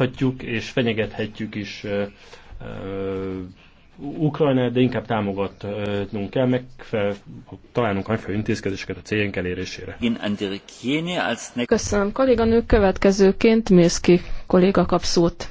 támogathatjuk és fenyegethetjük is Ukrajnát, de inkább támogatnunk kell, meg fel, találnunk megfelelő intézkedéseket a céljaink elérésére. Köszönöm, kolléganő. Következőként Mészki kolléga kap szót.